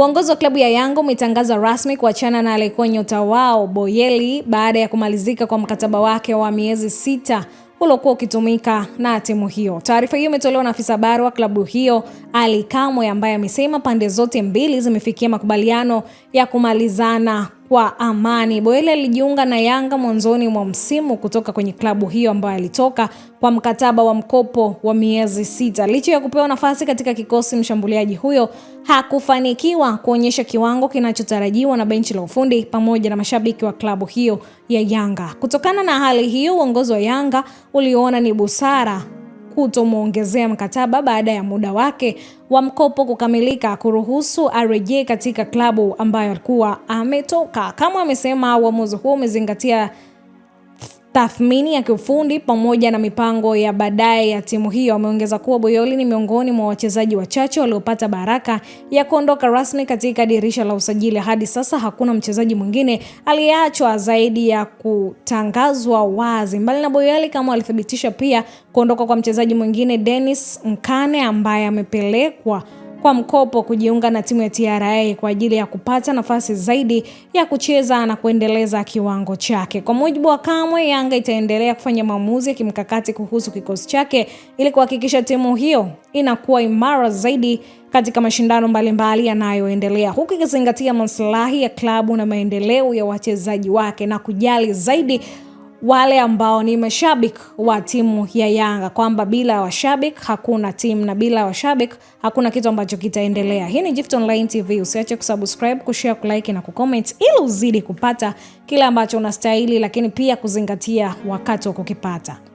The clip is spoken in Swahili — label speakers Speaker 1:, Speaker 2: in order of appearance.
Speaker 1: Uongozi wa klabu ya Yanga umetangaza rasmi kuachana na aliyekuwa nyota wao Boyeli baada ya kumalizika kwa mkataba wake wa miezi sita uliokuwa ukitumika na timu hiyo. Taarifa hiyo imetolewa na afisa habari wa klabu hiyo Ali Kamwe ambaye amesema pande zote mbili zimefikia makubaliano ya kumalizana wa amani. Boele alijiunga na Yanga mwanzoni mwa msimu kutoka kwenye klabu hiyo ambayo alitoka kwa mkataba wa mkopo wa miezi sita. Licha ya kupewa nafasi katika kikosi, mshambuliaji huyo hakufanikiwa kuonyesha kiwango kinachotarajiwa na benchi la ufundi pamoja na mashabiki wa klabu hiyo ya Yanga. Kutokana na hali hiyo, uongozi wa Yanga uliona ni busara kutomwongezea mkataba baada ya muda wake wa mkopo kukamilika, kuruhusu arejee katika klabu ambayo alikuwa ametoka. Kama amesema, uamuzi huo umezingatia tathmini ya kiufundi pamoja na mipango ya baadaye ya timu hiyo. Ameongeza kuwa Boyoli ni miongoni mwa wachezaji wachache waliopata baraka ya kuondoka rasmi katika dirisha la usajili. Hadi sasa hakuna mchezaji mwingine aliyeachwa zaidi ya kutangazwa wazi. Mbali na Boyoli, kama alithibitisha pia kuondoka kwa mchezaji mwingine Dennis Mkane ambaye amepelekwa kwa mkopo kujiunga na timu ya TRA kwa ajili ya kupata nafasi zaidi ya kucheza na kuendeleza kiwango chake. Kwa mujibu wa Kamwe, Yanga itaendelea kufanya maamuzi ya kimkakati kuhusu kikosi chake ili kuhakikisha timu hiyo inakuwa imara zaidi katika mashindano mbalimbali yanayoendelea huku ikizingatia maslahi ya klabu na maendeleo ya wachezaji wake na kujali zaidi wale ambao ni mashabiki wa timu ya Yanga kwamba bila washabiki hakuna timu na bila washabiki hakuna kitu ambacho kitaendelea. Hii ni Gift Online TV, usiache kusubscribe, kushare, kulike na kucomment ili uzidi kupata kile ambacho unastahili, lakini pia kuzingatia wakati wa kukipata.